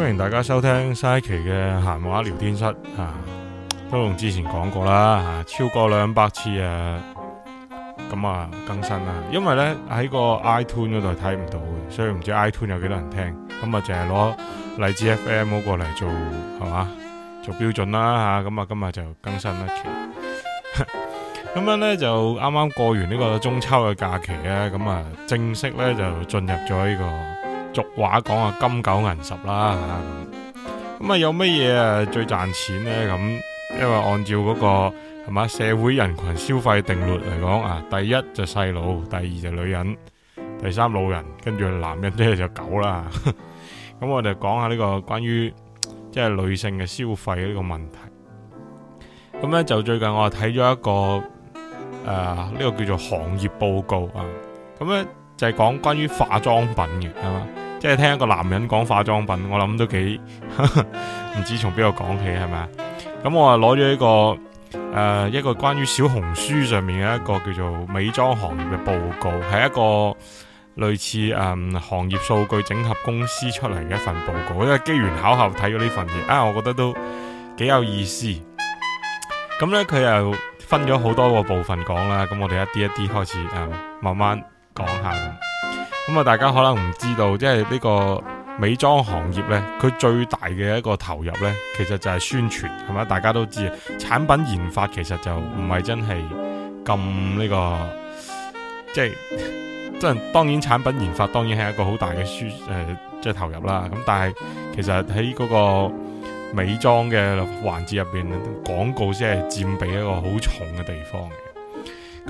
歡迎大家收聽西奇嘅閒話聊天室啊，都同之前講過啦，超過兩百次啊，咁啊更新啦、啊，因為呢，喺個 iTune 嗰度睇唔到嘅，所以唔知 iTunes 有幾多人聽，咁啊淨係攞荔枝 FM 嗰個嚟做係嘛，做標準啦、啊、吓，咁啊今日就更新一、啊、期，咁 樣呢，就啱啱過完呢個中秋嘅假期啊，咁啊正式呢，就進入咗呢、這個。俗話講啊，金九銀十啦吓，咁啊有乜嘢啊最賺錢呢？咁因為按照嗰、嗰個係咪社會人群消費定律嚟講啊，第一就細路，第二就女人，第三老人，跟住男人咧，就狗啦咁、啊、我哋講下呢個關於即係女性嘅消費呢個問題，咁咧就最近我睇咗一個誒呢、啊呢個叫做行業報告啊，咁咧就係講關於化妝品嘅係嘛。是即係聽一個男人講化妝品，我諗都幾唔 知從邊度講起係咪啊？咁我啊攞咗一個誒、呃、一個關於小紅書上面嘅一個叫做美妝行業嘅報告，係一個類似誒、嗯、行業數據整合公司出嚟嘅一份報告，因為機緣巧合睇咗呢份嘢啊，我覺得都幾有意思。咁呢，佢又分咗好多個部分講啦，咁我哋一啲一啲開始誒、嗯、慢慢講下。咁啊，大家可能唔知道，即係呢個美妝行業呢，佢最大嘅一個投入呢，其實就係宣傳，係嘛？大家都知，產品研發其實就唔係真係咁呢個，即係真。當然，產品研發當然係一個好大嘅輸誒，即係投入啦。咁但係，其實喺嗰個美妝嘅環節入邊，廣告先係佔比一個好重嘅地方。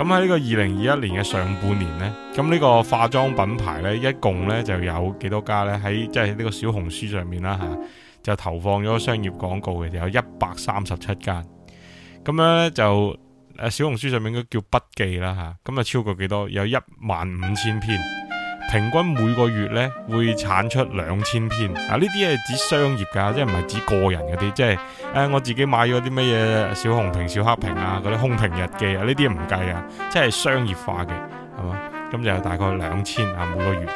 咁喺呢個二零二一年嘅上半年呢，咁呢個化妝品牌呢，一共呢就有幾多家呢？喺即係呢個小紅書上面啦嚇，就投放咗商業廣告嘅，就有一百三十七間。咁咧就小紅書上面應該叫筆記啦嚇，咁啊就超過幾多？有一萬五千篇。平均每個月咧會產出兩千篇啊！呢啲係指商業㗎，即係唔係指個人嗰啲，即係誒、啊、我自己買咗啲乜嘢小紅瓶、小黑瓶啊嗰啲空瓶日記啊呢啲唔計啊，即係商業化嘅係嘛？咁就大概兩千啊每個月。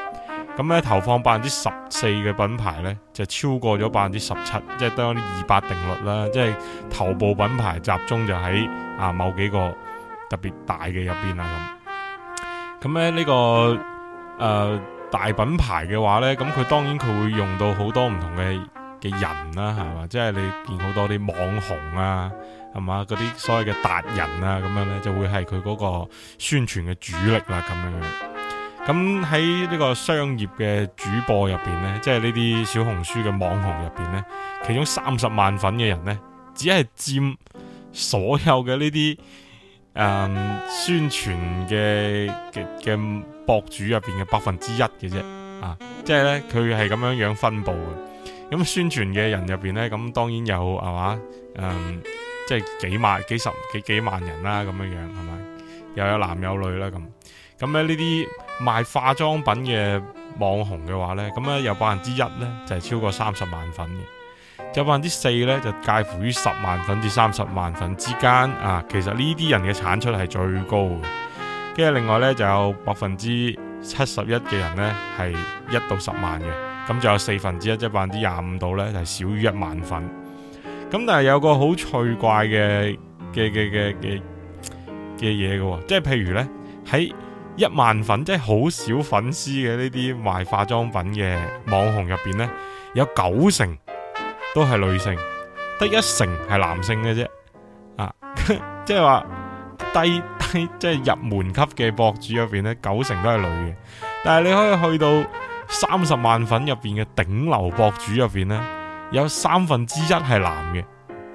咁咧投放百分之十四嘅品牌咧，就超過咗百分之十七，即係當二八定律啦，即係頭部品牌集中就喺啊某幾個特別大嘅入邊啦咁。咁咧呢個。誒、呃，大品牌嘅話呢，咁佢當然佢會用到好多唔同嘅嘅人啦，係嘛，即係你見好多啲網紅啊，係嘛，嗰啲所謂嘅達人啊，咁樣呢就會係佢嗰個宣傳嘅主力啦，咁樣。咁喺呢個商業嘅主播入邊呢，即係呢啲小紅書嘅網紅入邊呢，其中三十萬粉嘅人呢，只係佔所有嘅呢啲。誒、嗯，宣傳嘅嘅嘅博主入邊嘅百分之一嘅啫，啊，即係咧佢係咁樣樣分布嘅。咁宣傳嘅人入邊咧，咁當然有係嘛，即係、嗯就係、幾萬、幾十、幾幾萬人啦，咁樣樣係咪？又有，有男有女啦，咁。咁咧呢啲賣化妝品嘅網紅嘅話咧，咁咧有百分之一咧就係、係、超過三十萬粉嘅。就百分之四咧，就介乎於十萬粉至三十萬粉之間啊。其實呢啲人嘅產出係最高嘅。跟住另外咧，就有百分之七十一嘅人咧係一到十萬嘅。咁就有四分之一，即係百分之廿五度咧，就係少於一萬粉。咁但係有個好趣怪嘅嘅嘅嘅嘅嘅嘢嘅，即係譬如咧喺一萬粉，即係好少粉絲嘅呢啲賣化妝品嘅網紅入邊咧，有九成。都係女性，得一成係男性嘅啫，啊，即係話低低即係、就是、入門級嘅博主入邊呢，九成都係女嘅。但係你可以去到三十萬粉入邊嘅頂流博主入邊呢，有三分之一係男嘅，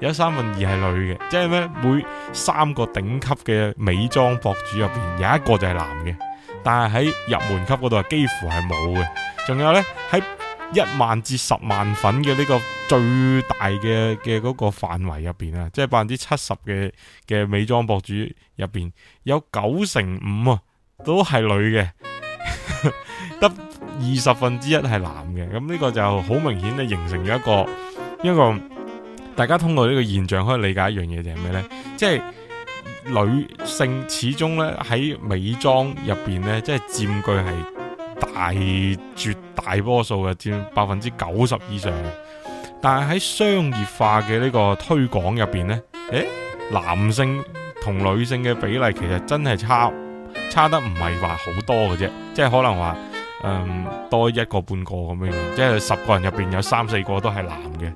有三分二係女嘅。即係咧，每三個頂級嘅美妝博主入邊有一個就係男嘅，但係喺入門級嗰度幾乎係冇嘅。仲有呢，喺。一萬至十萬粉嘅呢個最大嘅嘅嗰個範圍入邊啊，即係百分之七十嘅嘅美妝博主入邊，有九成五啊都係女嘅，得二十分之一係男嘅。咁呢個就好明顯咧，形成咗一個一個大家通過呢個現象可以理解一樣嘢，就係咩呢？即係女性始終咧喺美妝入邊咧，即係佔據係，大絕大多數嘅佔百分之九十以上嘅，但係喺商業化嘅呢個推廣入面呢，誒、欸、男性同女性嘅比例其實真係差差得唔係話好多嘅啫，即係可能話嗯多一個半個咁樣，即係十個人入面有三四個都係男嘅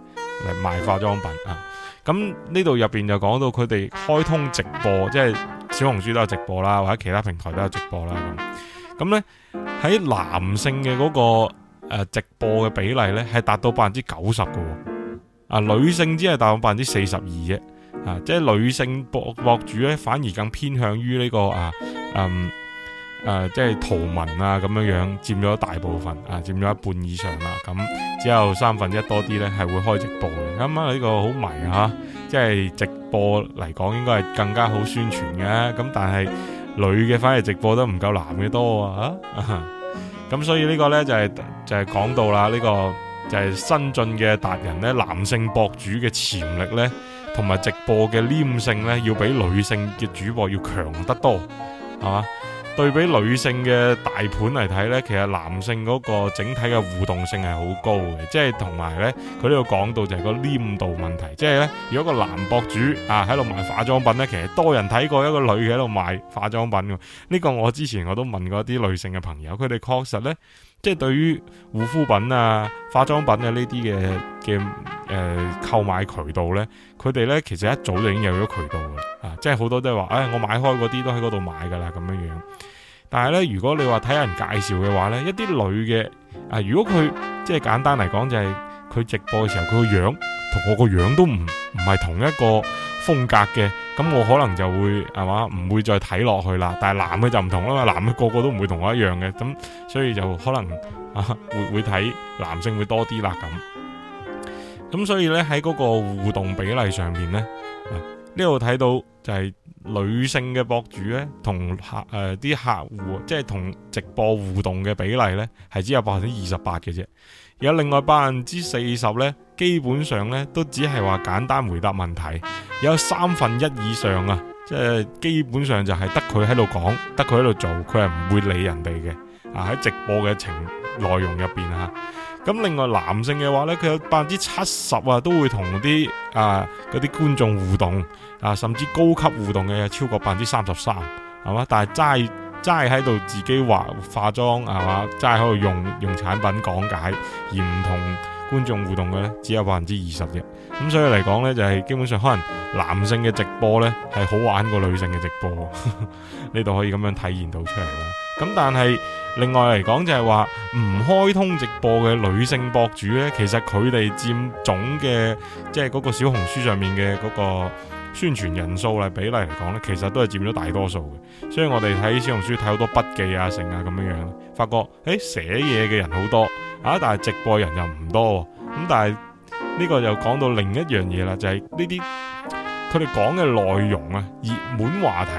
嚟賣化妝品啊。咁呢度入面就講到佢哋開通直播，即係小紅書都有直播啦，或者其他平台都有直播啦咁。咁咧喺男性嘅嗰、那個誒、呃、直播嘅比例咧係達到百分之九十嘅，啊、呃、女性只係達到百分之四十二啫，啊即係女性博博主咧反而更偏向於呢、這個啊誒即係圖文啊咁樣樣佔咗大部分啊佔咗一半以上啦，咁只有三分之一多啲咧係會開直播嘅，咁啱呢個好迷啊，即、就、係、是、直播嚟講應該係更加好宣傳嘅，咁但係。女嘅反而直播都唔夠男嘅多啊，咁 所以呢個呢，就係、就係講到啦，呢個就係新晉嘅達人咧，男性博主嘅潛力呢，同埋直播嘅黏性呢，要比女性嘅主播要強得多，係嘛？對比女性嘅大盤嚟睇呢，其實男性嗰個整體嘅互動性係好高嘅。即係同埋呢，佢呢度講到就係個黏度問題，即係呢，如果個男博主啊喺度賣化妝品呢，其實多人睇過一個女嘅喺度賣化妝品嘅，呢個我之前我都問過一啲女性嘅朋友，佢哋確實呢，即係對於護膚品啊、化妝品啊呢啲嘅嘅誒購買渠道呢，佢哋呢其實一早就已經有咗渠道嘅。即係好多都係話，誒、哎，我買開嗰啲都喺嗰度買噶啦，咁樣樣。但係咧，如果你話睇人介紹嘅話咧，一啲女嘅，啊，如果佢即係簡單嚟講、就是，就係佢直播嘅時候，佢個樣同我個樣都唔唔係同一個風格嘅，咁我可能就會係嘛，唔會再睇落去啦。但係男嘅就唔同啦嘛，男嘅個個都唔會同我一樣嘅，咁所以就可能啊，會會睇男性會多啲啦咁。咁所以咧喺嗰個互動比例上面咧，呢度睇到。就係女性嘅博主咧，同客、呃、啲客戶，即係同直播互動嘅比例咧，係只有百分之二十八嘅啫。有另外百分之四十咧，基本上咧都只係話簡單回答問題。有三分一以上啊，即係基本上就係得佢喺度講，得佢喺度做，佢係唔會理人哋嘅。啊，喺直播嘅情內容入面啊，咁另外男性嘅話咧，佢有百分之七十啊，都會同啲啊嗰啲觀眾互動。啊，甚至高級互動嘅超過百分之三十三，係嘛？但係齋齋喺度自己畫化，化妝，係嘛？齋喺度用用產品講解，而唔同觀眾互動嘅呢，只有百分之二十嘅。咁所以嚟講呢，就係基本上可能男性嘅直播呢係好玩過女性嘅直播，呢度可以咁樣體現到出嚟啦。咁但係另外嚟講就係話唔開通直播嘅女性博主呢，其實佢哋佔總嘅即係嗰個小紅書上面嘅嗰個。宣傳人數啦，比例嚟講咧，其實都係佔咗大多數嘅。所以我哋睇小紅書，睇好多筆記啊、成啊咁樣樣，發覺誒寫嘢嘅人好多啊，但係直播人又唔多。咁、啊、但係呢、呢個又講到另一樣嘢啦，就係呢啲佢哋講嘅內容咧、啊，熱門話題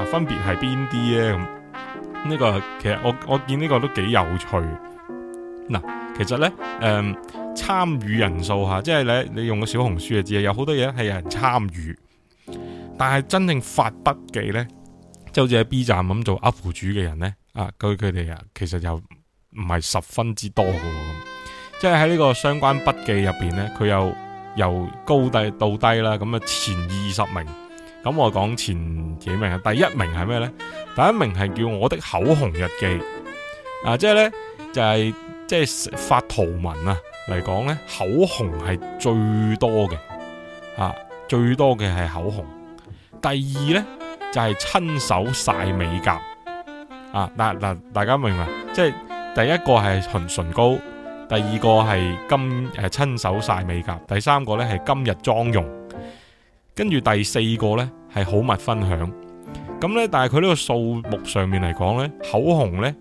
啊，分別係邊啲呢咁呢、啊呢個其實我我見呢個都幾有趣。嗱、啊，其實呢誒參與人數吓、啊，即係你你用個小紅書啊知啊，有好多嘢係有人參與。但係真正發筆記呢，就好似喺 B 站咁做 up 主嘅人呢，啊，佢佢哋啊，其實又唔係十分之多嘅，啊，即係喺呢個相關筆記入邊呢，佢又由高低到低啦。咁啊，前二十名，咁，啊、我講前幾名啊，第一名係咩呢？第一名係叫我的口紅日記啊，即係呢，就係、係、即係發圖文啊嚟講呢，口紅係最多嘅啊，最多嘅係口紅。第二呢，就係、是、親手晒美甲啊！嗱、啊、嗱、啊，大家明白？即係第一個係唇唇膏，第二個係金誒親、啊、手晒美甲，第三個呢係今日妝容，跟住第四個呢係好物分享。咁呢，但係佢呢個數目上面嚟講呢，口紅呢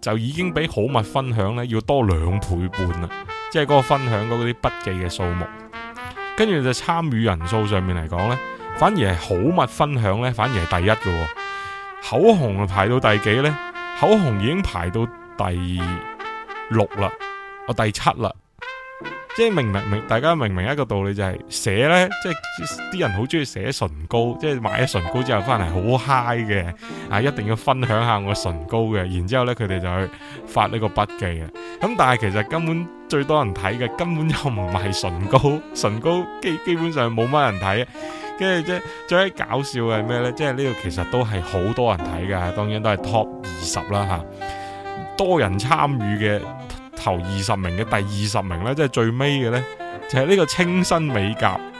就已經比好物分享呢要多兩倍半啦，即係嗰個分享嗰啲筆記嘅數目。跟住就參與人數上面嚟講呢。反而係好密分享咧，反而係第一嘅、哦、口紅排到第幾咧？口紅已經排到第六啦，我、哦、第七啦。即係明明明大家明明一個道理就係寫呢。即係啲人好中意寫唇膏，即係買咗唇膏之後翻嚟好嗨嘅，啊一定要分享下我唇膏嘅，然之後呢佢哋就去發呢個筆記嘅。咁但係其實根本最多人睇嘅根本又唔係唇膏，唇膏基基本上冇乜人睇。跟住即係最搞笑嘅係咩呢？即係呢個其實都係好多人睇㗎，當然都係 top 二十啦吓，多人參與嘅。頭二十名嘅第二十名咧，即係最尾嘅咧，就係呢個清新美甲。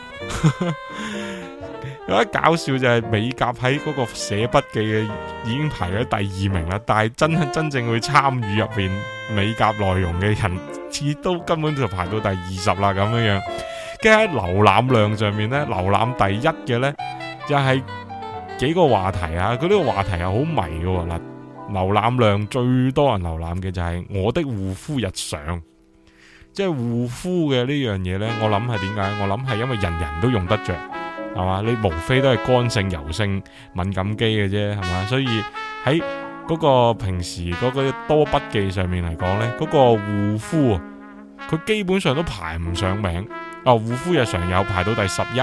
有一搞笑就係美甲喺嗰個寫筆記嘅已經排咗第二名啦，但係真真正會參與入邊美甲內容嘅人，都根本就排到第二十啦咁樣樣。跟喺瀏覽量上面咧，瀏覽第一嘅咧就係幾個話題啊？佢呢個話題係好迷嘅嗱、啊。瀏覽量最多人瀏覽嘅就係我的護膚日常，即係護膚嘅呢樣嘢呢，我諗係點解？我諗係因為人人都用得着，係嘛？你無非都係乾性、油性、敏感肌嘅啫，係嘛？所以喺嗰個平時嗰個多筆記上面嚟講呢，嗰個護膚佢基本上都排唔上名。哦、啊，護膚日常有排到第十一，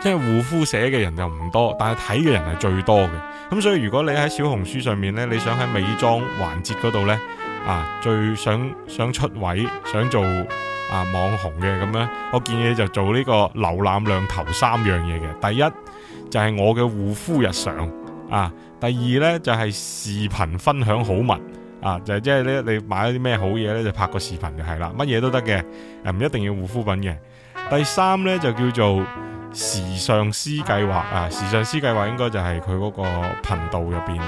即係護膚寫嘅人又唔多，但係睇嘅人係最多嘅。咁所以如果你喺小紅書上面呢，你想喺美妝環節嗰度呢，啊，最想想出位，想做啊網紅嘅咁呢，我建議就做呢個瀏覽量頭三樣嘢嘅。第一就係我嘅護膚日常啊，第二呢就係視頻分享好物啊，就係即係你買咗啲咩好嘢呢，就拍個視頻就係啦，乜嘢都得嘅，唔一定要護膚品嘅。第三呢就叫做。時尚師計劃啊，時尚師計劃應該就係佢嗰個頻道入邊，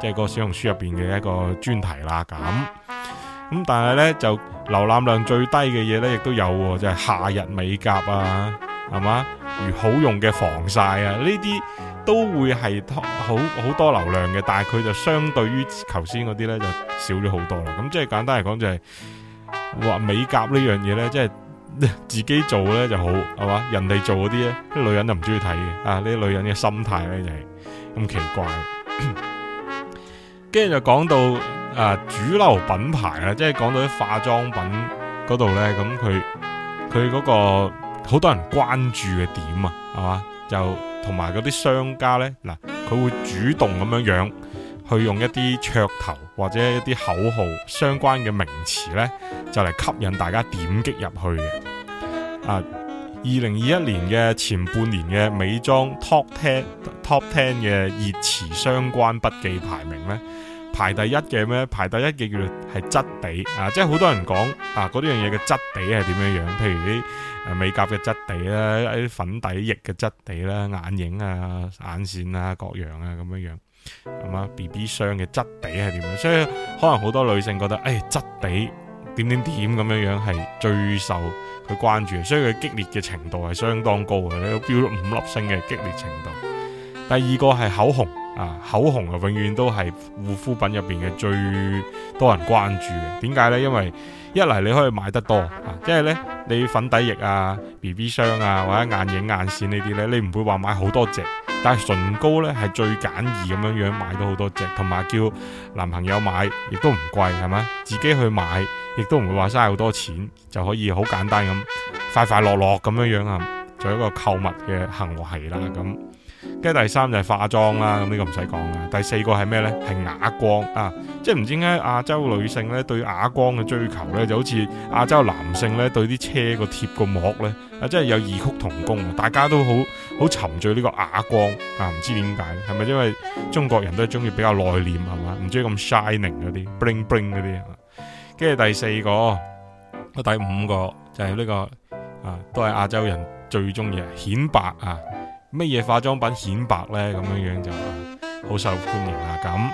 即、就、係、是、個小紅書入邊嘅一個專題啦。咁咁、嗯，但係呢，就瀏覽量最低嘅嘢呢，亦都有、啊，就係、是、夏日美甲啊，係嘛，如好用嘅防曬啊，呢啲都會係好好多流量嘅，但係佢就相對於頭先嗰啲呢，就少咗好多啦。咁即係簡單嚟講、就是，就係話美甲呢樣嘢呢，即係。自己做呢就好，係嘛？人哋做嗰啲呢，啲女人就唔中意睇嘅。啊，呢啲女人嘅心態呢就係咁奇怪。跟住 就講到啊主流品牌啦，即係講到啲化妝品嗰度呢。咁佢佢嗰個好多人關注嘅點啊，係嘛？就同埋嗰啲商家呢，嗱、啊、佢會主動咁樣樣。去用一啲噱頭或者一啲口號相關嘅名詞呢，就嚟吸引大家點擊入去嘅。啊，二零二一年嘅前半年嘅美妝 top ten top ten 嘅熱詞相關筆記排名呢，排第一嘅咩？排第一嘅叫做係質地啊！即係好多人講啊，嗰啲樣嘢嘅質地係點樣樣？譬如啲誒美甲嘅質地啦，一啲粉底液嘅質地啦，眼影啊、眼線啊、各樣啊咁樣樣。咁啊，B B 霜嘅質地係點樣？所以可能好多女性覺得，誒、哎，質地點點點咁樣樣係最受佢關注。所以佢激烈嘅程度係相當高嘅，你都標咗五粒星嘅激烈程度。第二個係口紅啊，口紅啊，永遠都係護膚品入邊嘅最多人關注嘅。點解呢？因為一嚟你可以買得多啊，即係呢你粉底液啊、B B 霜啊或者眼影眼線呢啲呢你唔會話買好多隻。但係唇膏呢係最簡易咁樣樣，買到好多隻，同埋叫男朋友買，亦都唔貴，係咪？自己去買，亦都唔會話嘥好多錢，就可以好簡單咁快快樂樂咁樣樣啊，做一個購物嘅行為啦。咁，跟住第三就係化妝啦，咁呢個唔使講啦。第四個係咩呢？係啞光啊，即係唔知點解亞洲女性呢對啞光嘅追求呢，就好似亞洲男性呢對啲車個貼個膜呢，啊，真係有異曲同工，大家都好。好沉醉呢個啞光啊，唔知點解，係咪因為中國人都係中意比較內斂係嘛？唔中意咁 shining 嗰啲 bling bling 嗰啲啊。跟住第四個，第五個就係呢、呢個啊，都係亞洲人最中意顯白啊。乜嘢化妝品顯白呢？咁樣樣就好、啊、受歡迎。咁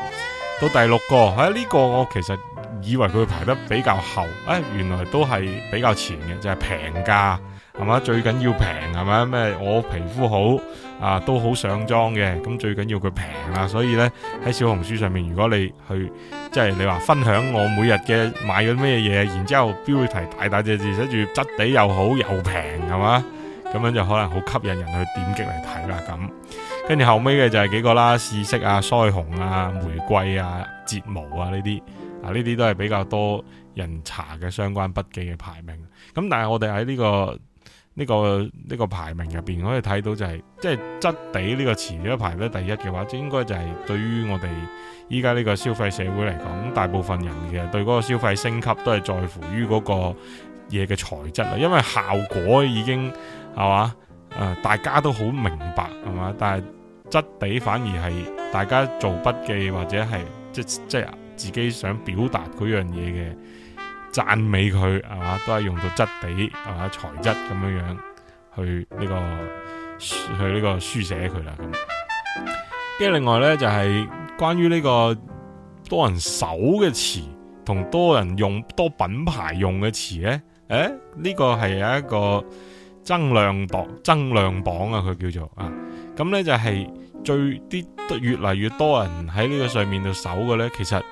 到第六個，喺、啊、呢、呢個我其實以為佢排得比較後，誒、啊，原來都係比較前嘅，就係、係、平價。係嘛，最緊要平，係咪咩？我皮膚好啊，都好上妝嘅。咁最緊要佢平啊，所以呢，喺小紅書上面，如果你去即係你話分享我每日嘅買咗咩嘢，然之後標題大大隻字寫住質地又好又平，係嘛？咁樣就可能好吸引人去點擊嚟睇啦。咁跟住後尾嘅就係幾個啦，試色啊、腮紅啊、玫瑰啊、睫毛啊呢啲啊，呢啲都係比較多人查嘅相關筆記嘅排名。咁但係我哋喺呢個。呢、這個呢、這個排名入邊可以睇到就係、是、即係質地呢個詞如果排咧第一嘅話，即係應該就係對於我哋依家呢個消費社會嚟講，大部分人其實對嗰個消費升級都係在乎於嗰個嘢嘅材質啦，因為效果已經係嘛，誒、呃、大家都好明白係嘛，但係質地反而係大家做筆記或者係即即係自己想表達嗰樣嘢嘅讚美佢係都係用到質地係材質咁樣樣去呢個去呢個書寫佢啦咁。跟住另外呢，就係關於呢個多人搜嘅詞，同多人用多品牌用嘅詞呢。誒呢個係有一個增量榜增量榜啊，佢叫做啊。咁呢就係最啲越嚟越多人喺呢個上面度搜嘅呢，其實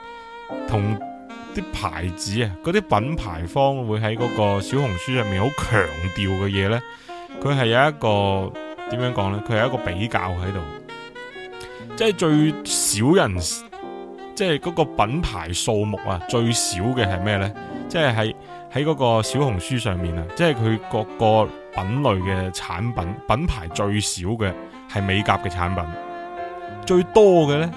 同。啲牌子啊，嗰啲品牌方會喺嗰個小紅書上面好強調嘅嘢咧，佢係有一個點樣講咧？佢係一個比較喺度，即係最少人，即係嗰個品牌數目啊最少嘅係咩咧？即係喺喺嗰個小紅書上面啊，即係佢各個品類嘅產品品牌最少嘅係美甲嘅產品，最多嘅咧。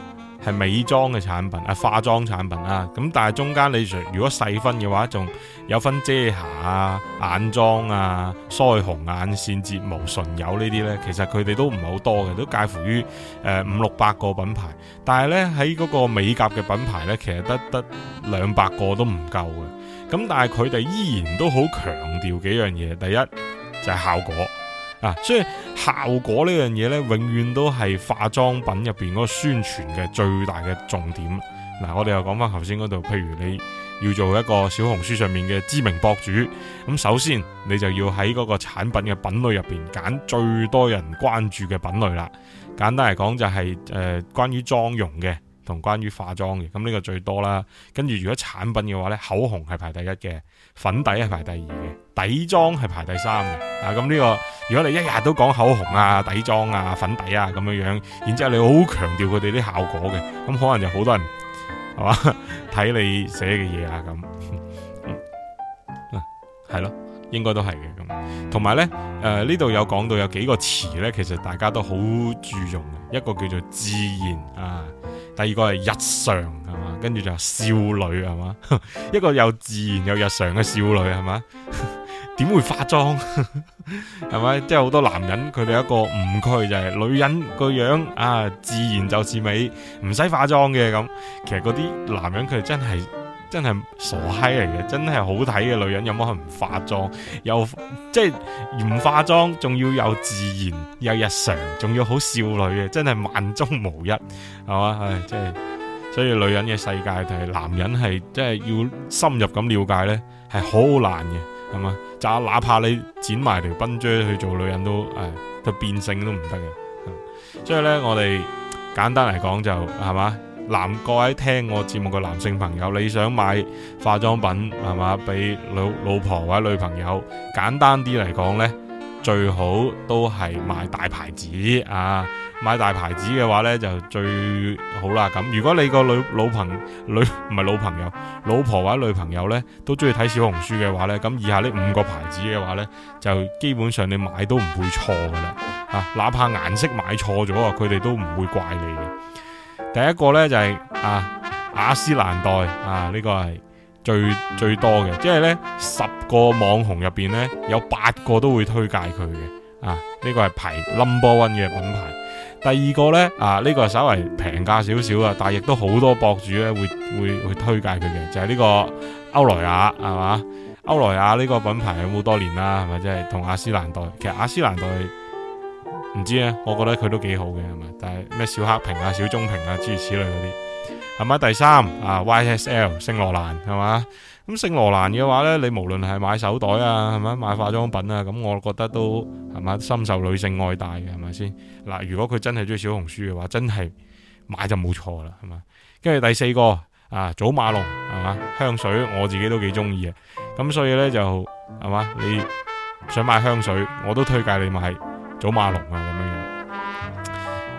係美妝嘅產品啊，化妝產品啊，咁但係中間你如果細分嘅話，仲有分遮瑕啊、眼妝啊、腮紅、眼線、睫毛、唇油呢啲呢。其實佢哋都唔係好多嘅，都介乎於誒五六百個品牌。但係呢，喺嗰個美甲嘅品牌呢，其實得得兩百個都唔夠嘅。咁但係佢哋依然都好強調幾樣嘢，第一就係效果。啊，所以效果呢樣嘢呢永遠都係化妝品入邊嗰個宣傳嘅最大嘅重點。嗱、啊，我哋又講翻頭先嗰度，譬如你要做一個小紅書上面嘅知名博主，咁首先你就要喺嗰個產品嘅品類入邊揀最多人關注嘅品類啦。簡單嚟講就係、是、誒、呃，關於妝容嘅同關於化妝嘅，咁呢個最多啦。跟住如果產品嘅話呢，口紅係排第一嘅，粉底係排第二嘅。底妝係排第三嘅啊！咁呢個如果你一日都講口紅啊、底妝啊、粉底啊咁樣樣，然之後你好強調佢哋啲效果嘅，咁可能就好多人係嘛睇你寫嘅嘢啊咁，係咯， 應該都係嘅咁。同埋咧，誒呢度有講到有幾個詞咧，其實大家都好注重嘅，一個叫做自然啊，第二個係日常係嘛，跟住就係少女係嘛，一個又自然又日常嘅少女係嘛。 點會化妝係咪？即係好多男人佢哋一個誤區就係女人個樣啊，自然就是美，唔使化妝嘅咁。其實嗰啲男人佢真係真係傻閪嚟嘅，真係好睇嘅女人有冇可能唔化妝？又即係唔化妝，仲要有自然，有日常，仲要好少女嘅，真係萬中無一，係嘛？唉，即係所以女人嘅世界同係男人係真係要深入咁了解呢，係好難嘅，係嘛？哪怕你剪埋條奔 u 去做女人都誒、哎，都變性都唔得嘅。所以呢，我哋簡單嚟講就係嘛，男各位聽我節目嘅男性朋友，你想買化妝品係嘛，俾老老婆或者女朋友，簡單啲嚟講呢，最好都係買大牌子啊。買大牌子嘅話呢，就最好啦。咁如果你個女老朋女唔係老朋友，老，朋友老婆或者女朋友呢，都中意睇小紅書嘅話呢，咁以下呢五個牌子嘅話呢，就基本上你買都唔會錯噶啦。啊，哪怕顏色買錯咗啊，佢哋都唔會怪你嘅。第一個呢，就係啊雅詩蘭黛啊，呢、啊這個係最最多嘅，即、就、係、是、呢，十個網紅入邊呢，有八個都會推介佢嘅。啊，呢、這個係排 Number One 嘅品牌。第二個呢，啊呢、呢個稍微平價少少啊，但係亦都好多博主呢會會會推介佢嘅，就係、是、呢個歐萊雅係嘛，歐萊雅呢個品牌有冇多年啦，係咪即係同雅詩蘭黛，其實雅詩蘭黛唔知啊，我覺得佢都幾好嘅係咪？但係咩小黑瓶啊、小棕瓶啊諸如此類嗰啲，係咪第三啊 YSL 聖羅蘭係嘛？咁聖羅蘭嘅話呢，你無論係買手袋啊，係咪？買化妝品啊，咁我覺得都係咪？深受女性愛戴嘅，係咪先？嗱，如果佢真係中意小紅書嘅話，真係買就冇錯啦，係嘛。跟住第四個啊，祖馬龍係嘛香水，我自己都幾中意啊。咁所以呢，就係嘛，你想買香水，我都推介你買祖馬龍啊。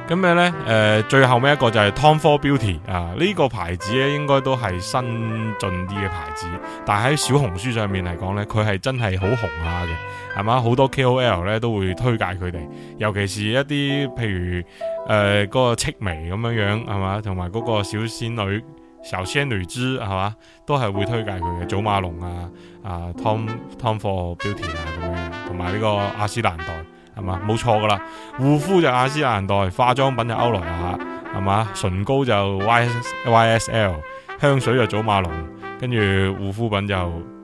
咁樣咧？誒、呃，最後尾一個就係 Tom Ford Beauty 啊，呢、這個牌子咧應該都係新進啲嘅牌子，但係喺小紅書上面嚟講咧，佢係真係好紅下嘅，係嘛，好多 KOL 咧都會推介佢哋，尤其是一啲譬如誒嗰、呃那個戚薇咁樣樣，係嘛，同埋嗰個小仙女小仙女之，係嘛，都係會推介佢嘅，祖馬龍啊，啊 Tom Tom Ford Beauty 啊咁樣，同埋呢個雅詩蘭黛。係咪？冇錯噶啦，護膚就雅詩蘭黛，化妝品就歐萊雅，係咪？唇膏就 Y YS, YSL，香水就祖馬龍，跟住護膚品就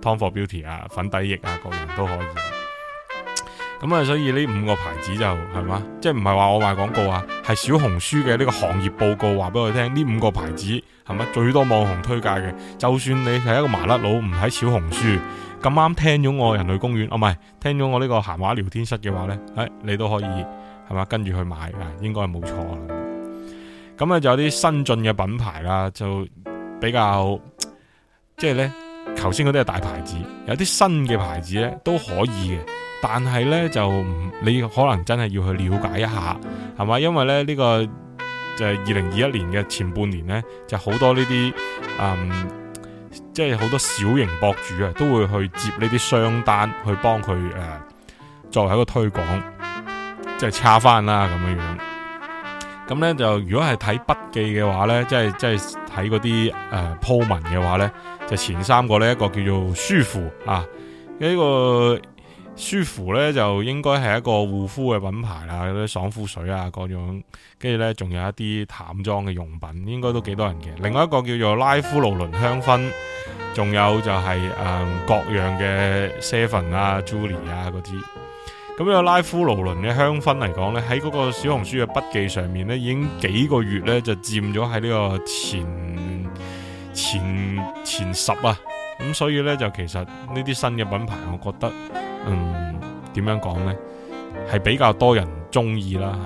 Tom Ford Beauty 啊，粉底液啊，各樣都可以。咁啊，所以呢五個牌子就係咪？即係唔係話我賣廣告啊，係小紅書嘅呢個行業報告話俾我哋聽，呢五個牌子係咪最多網紅推介嘅，就算你係一個麻甩佬唔喺小紅書。咁啱聽咗我人類公園，哦唔係聽咗我呢個閒話聊天室嘅話呢、哎，你都可以係嘛跟住去買，應該係冇錯啦。咁咧就有啲新進嘅品牌啦，就比較即係、就是、呢頭先嗰啲係大牌子，有啲新嘅牌子呢都可以嘅，但係呢，就你可能真係要去了解一下係嘛，因為呢呢、呢個就係二零二一年嘅前半年呢，就好多呢啲嗯。即係好多小型博主啊，都會去接呢啲商單去幫佢誒、呃、作為一個推廣，即係叉翻啦咁樣樣。咁咧就如果係睇筆記嘅話咧，即係即係睇嗰啲誒鋪文嘅話咧，就前三個咧一個叫做舒芙啊，呢個舒服咧就應該係一個護膚嘅品牌啦，嗰啲爽膚水啊，各種，跟住咧仲有一啲淡妝嘅用品，應該都幾多人嘅。另外一個叫做拉夫勞倫香薰，仲有就係、是、誒、嗯、各樣嘅 seven 啊、Julie 啊嗰啲。咁呢個拉夫勞倫嘅香薰嚟講咧，喺嗰個小紅書嘅筆記上面咧，已經幾個月咧就佔咗喺呢個前前前十啊。咁所以咧就其實呢啲新嘅品牌，我覺得。嗯，點樣講呢？係比較多人中意啦，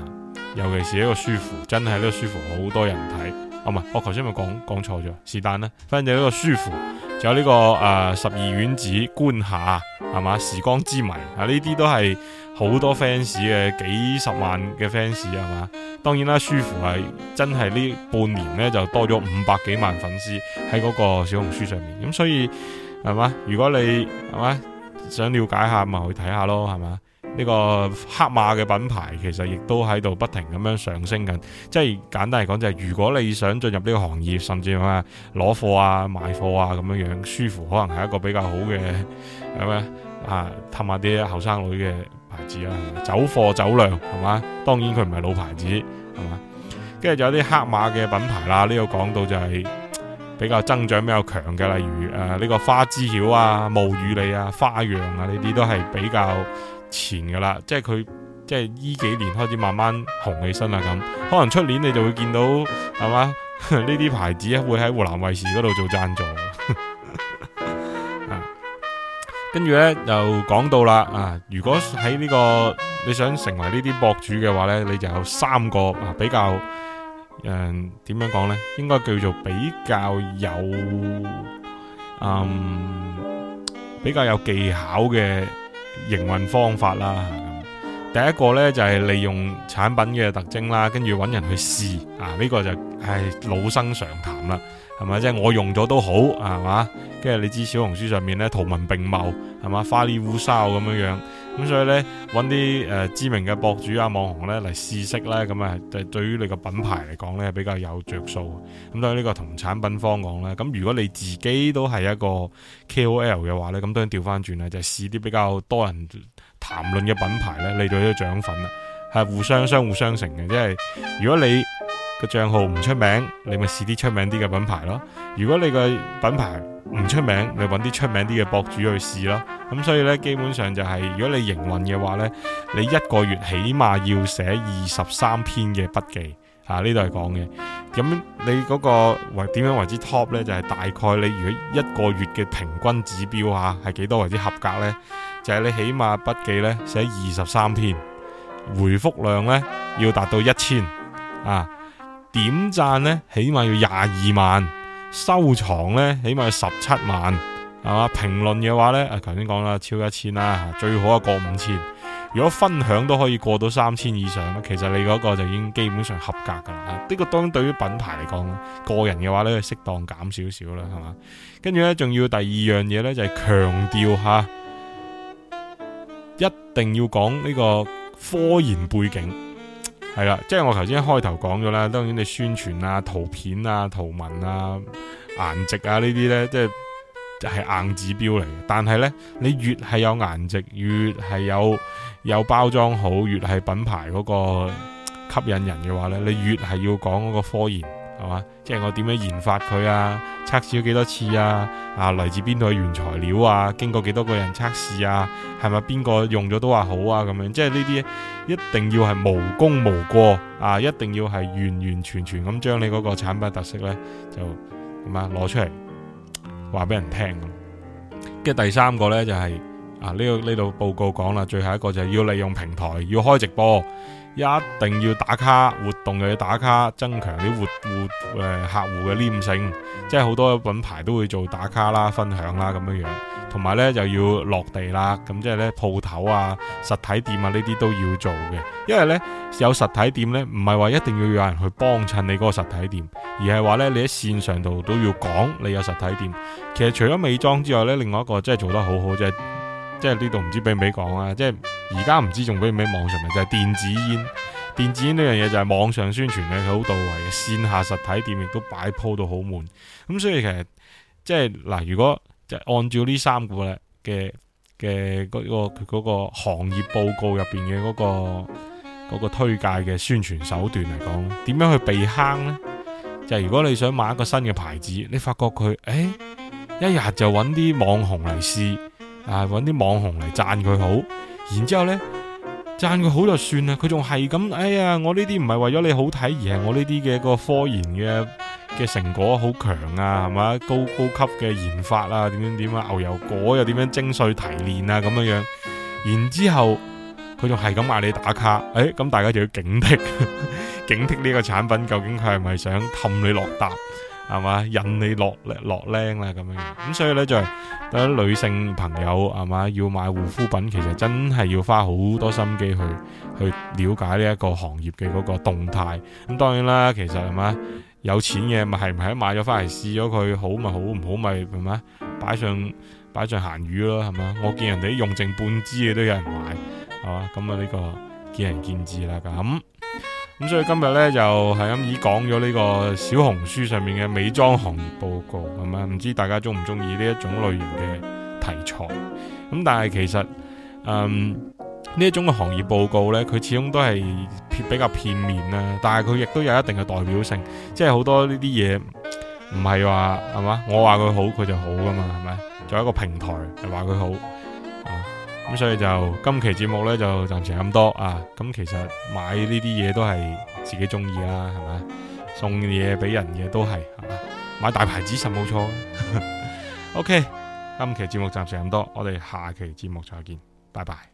尤其是呢個舒芙，真係呢個舒芙好多人睇。啊唔係，我頭先咪講講錯咗，是但啦。反正呢個舒芙，仲有呢個誒十二院子觀夏，係嘛？時光之謎啊，呢啲都係好多 fans 嘅幾十萬嘅 fans 係嘛。當然啦，舒芙係真係呢半年呢就多咗五百幾萬粉絲喺嗰個小紅書上面。咁所以係嘛，如果你係嘛。是想了解下咪去睇下咯，係嘛？呢個黑馬嘅品牌其實亦都喺度不停咁樣上升緊。即係簡單嚟講就係，如果你想進入呢個行業，甚至話攞貨啊、賣貨啊咁樣樣，舒服可能係一個比較好嘅咁咪？啊，氹下啲後生女嘅牌子啦。走貨走量係嘛？當然佢唔係老牌子係嘛。跟住就有啲黑馬嘅品牌啦。呢度講到就係。比較增長比較強嘅，例如誒呢、呃這個花之曉啊、霧雨里啊、花樣啊，呢啲都係比較前噶啦，即係佢即係依幾年開始慢慢紅起身啦咁，可能出年你就會見到係嘛？呢啲牌子會喺湖南衛視嗰度做贊助。跟住、 啊、呢，又講到啦啊，如果喺呢、這個你想成為呢啲博主嘅話呢，你就有三個啊比較。誒、呃，點樣講咧？應該叫做比較有，嗯，比較有技巧嘅營運方法啦。第一個咧就係、係、利用產品嘅特徵啦，跟住搵人去試啊，呢、呢個就係、係、老生常談啦，係咪？即、就、係、係、我用咗都好，係嘛？跟住你知小紅書上面咧，圖文並茂，係嘛？花里胡哨咁樣樣。咁所以呢，揾啲誒知名嘅博主啊、網紅呢嚟試色呢。咁啊對對於你個品牌嚟講呢，比較有着數。咁當然呢個同產品方講呢，咁如果你自己都係一個 KOL 嘅話呢，咁都調翻轉啦，就係、試啲比較多人談論嘅品牌呢。你呢有長粉呢，係互相相互相成嘅，即係如果你，賬號唔出名，你咪試啲出名啲嘅品牌咯。如果你個品牌唔出名，你搵啲出名啲嘅博主去試咯。咁所以呢，基本上就係、是、如果你營運嘅話呢，你一個月起碼要寫二十三篇嘅筆記啊。呢度係講嘅。咁你嗰、那個為點樣為之 top 呢？就係、是、大概你如果一個月嘅平均指標吓係幾多為之合格呢？就係、是、你起碼筆記呢，寫二十三篇，回覆量呢要達到一千啊。點讚咧起碼要廿二萬，收藏咧起碼要十七萬，係嘛？評論嘅話咧，啊頭先講啦，超一千啦，最好過五千。如果分享都可以過到三千以上咧，其實你嗰個就已經基本上合格噶啦。吓，呢個當對於品牌嚟講，個人嘅話咧適當減少少啦，係嘛？跟住咧仲要第二樣嘢咧就係強調吓，一定要講呢個科研背景。係啦，即係我頭先一開頭講咗啦。當然你宣傳啊、圖片啊、圖文啊、顏值啊呢啲呢，即係係硬指標嚟嘅。但係呢，你越係有顏值，越係有有包裝好，越係品牌嗰個吸引人嘅話呢，你越係要講嗰個科研。係即係我點樣研發佢啊？測試咗幾多次啊？啊，來自邊度嘅原材料啊？經過幾多個人測試啊？係咪邊個用咗都話好啊？咁樣即係呢啲一定要係無功無過啊！一定要係完完全全咁將你嗰個產品特色呢就咁啊攞出嚟話俾人聽。跟住第三個呢就係啊呢個呢度報告講啦，最後一個就係要利用平台，要開直播。一定要打卡活動，又要打卡，增強啲活戶誒、呃、客戶嘅黏性，即係好多品牌都會做打卡啦、分享啦咁樣樣，同埋呢就要落地啦，咁即係呢鋪頭啊、實體店啊呢啲都要做嘅，因為呢有實體店呢，唔係話一定要有人去幫襯你嗰個實體店，而係話呢你喺線上度都要講你有實體店。其實除咗美妝之外呢，另外一個真係做得好好即係。就是即係呢度唔知俾唔俾講啊！即係而家唔知仲俾唔俾網上面就係、是、電子煙，電子煙呢樣嘢就係網上宣傳嘅，佢好到位嘅，線下實體店亦都擺鋪到好滿。咁所以其實即係嗱，如果就按照呢三個嘅嘅嘅嗰個嗰、那個行業報告入邊嘅嗰個嗰、那個推介嘅宣傳手段嚟講，點樣去避坑呢？就是、如果你想買一個新嘅牌子，你發覺佢誒、欸、一日就揾啲網紅嚟試。啊！揾啲網紅嚟讚佢好，然之後呢讚佢好就算啦。佢仲係咁，哎呀，我呢啲唔係為咗你好睇，而係我呢啲嘅個科研嘅嘅成果好強啊，係嘛？高高級嘅研發啦、啊，點點點啊，牛油果又點樣精粹提煉啊，咁樣樣。然之後佢仲係咁嗌你打卡，誒、哎，咁大家就要警惕呵呵警惕呢個產品究竟佢係咪想氹你落搭？係嘛引你落落靚啦咁樣，咁、嗯、所以呢就，啲女性朋友係嘛要買護膚品，其實真係要花好多心機去去了解呢一個行業嘅嗰個動態。咁、嗯、當然啦，其實係嘛有錢嘅咪係唔係買咗返嚟試咗佢好咪好，唔好咪係嘛擺上擺上閒魚咯係嘛。我見人哋用剩半支嘅都有人買，係嘛咁啊呢個見仁見智啦咁。咁所以今日咧就係咁已講咗呢個小紅書上面嘅美妝行業報告係咪？唔知大家中唔中意呢一種類型嘅題材？咁，嗯，但係其實，嗯，呢一種嘅行業報告咧，佢始終都係比較片面啦。但係佢亦都有一定嘅代表性，即係好多呢啲嘢唔係話係嘛，我話佢好佢就好噶嘛，係咪？仲有一個平台，話佢好。咁所以就今期節目呢，就暫時咁多啊！咁其實買呢啲嘢都係自己中意啦，係咪？送嘢俾人嘢都係，係咪？買大牌子實冇錯。OK，今期節目暫時咁多，我哋下期節目再見，拜拜。